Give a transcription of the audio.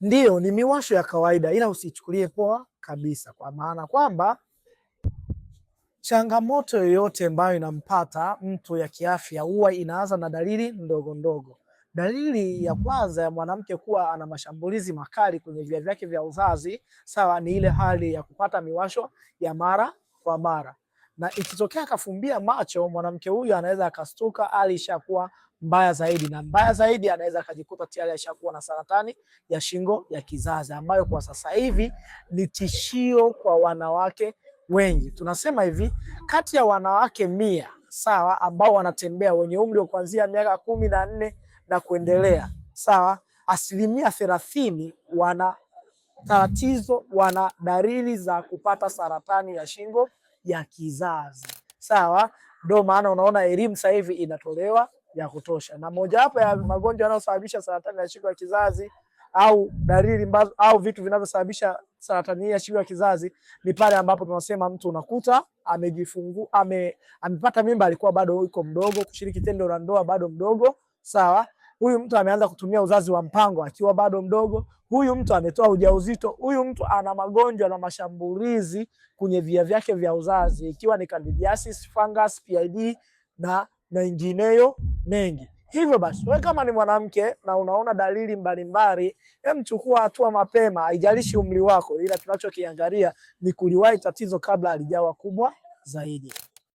Ndiyo, ni miwasho ya kawaida, ila usichukulie poa kabisa, kwa maana kwamba changamoto yoyote ambayo inampata mtu ya kiafya huwa inaanza na dalili ndogo ndogo. Dalili ya kwanza ya mwanamke kuwa ana mashambulizi makali kwenye via vyake vya uzazi, sawa, ni ile hali ya kupata miwasho ya mara kwa mara, na ikitokea akafumbia macho, mwanamke huyu anaweza akastuka hali ishakuwa mbaya zaidi, na mbaya zaidi anaweza akajikuta tayari ashakuwa na saratani ya shingo ya kizazi ambayo kwa sasa hivi ni tishio kwa wanawake wengi. Tunasema hivi, kati ya wanawake mia sawa, ambao wanatembea wenye umri wa kuanzia miaka kumi na nne na kuendelea sawa, asilimia thelathini wana tatizo, wana dalili za kupata saratani ya shingo ya kizazi sawa. Ndio maana unaona elimu sasa hivi inatolewa ya kutosha, na mojawapo ya magonjwa yanayosababisha saratani ya shingo ya kizazi au dalili mbazo, au vitu vinavyosababisha saratani ya shingo ya kizazi ni pale ambapo tunasema mtu unakuta amejifungua ame, amepata mimba alikuwa bado yuko mdogo, kushiriki tendo la ndoa bado mdogo, sawa. Huyu mtu ameanza kutumia uzazi wa mpango akiwa bado mdogo, huyu mtu ametoa ujauzito, huyu mtu ana magonjwa na mashambulizi kwenye via vyake vya uzazi, ikiwa ni candidiasis, fungus, PID na mengineyo mengi. Hivyo basi, wewe kama ni mwanamke na unaona dalili mbalimbali, mchukua hatua mapema, haijalishi umri wako, ila tunachokiangalia ni kuliwahi tatizo kabla halijawa kubwa zaidi.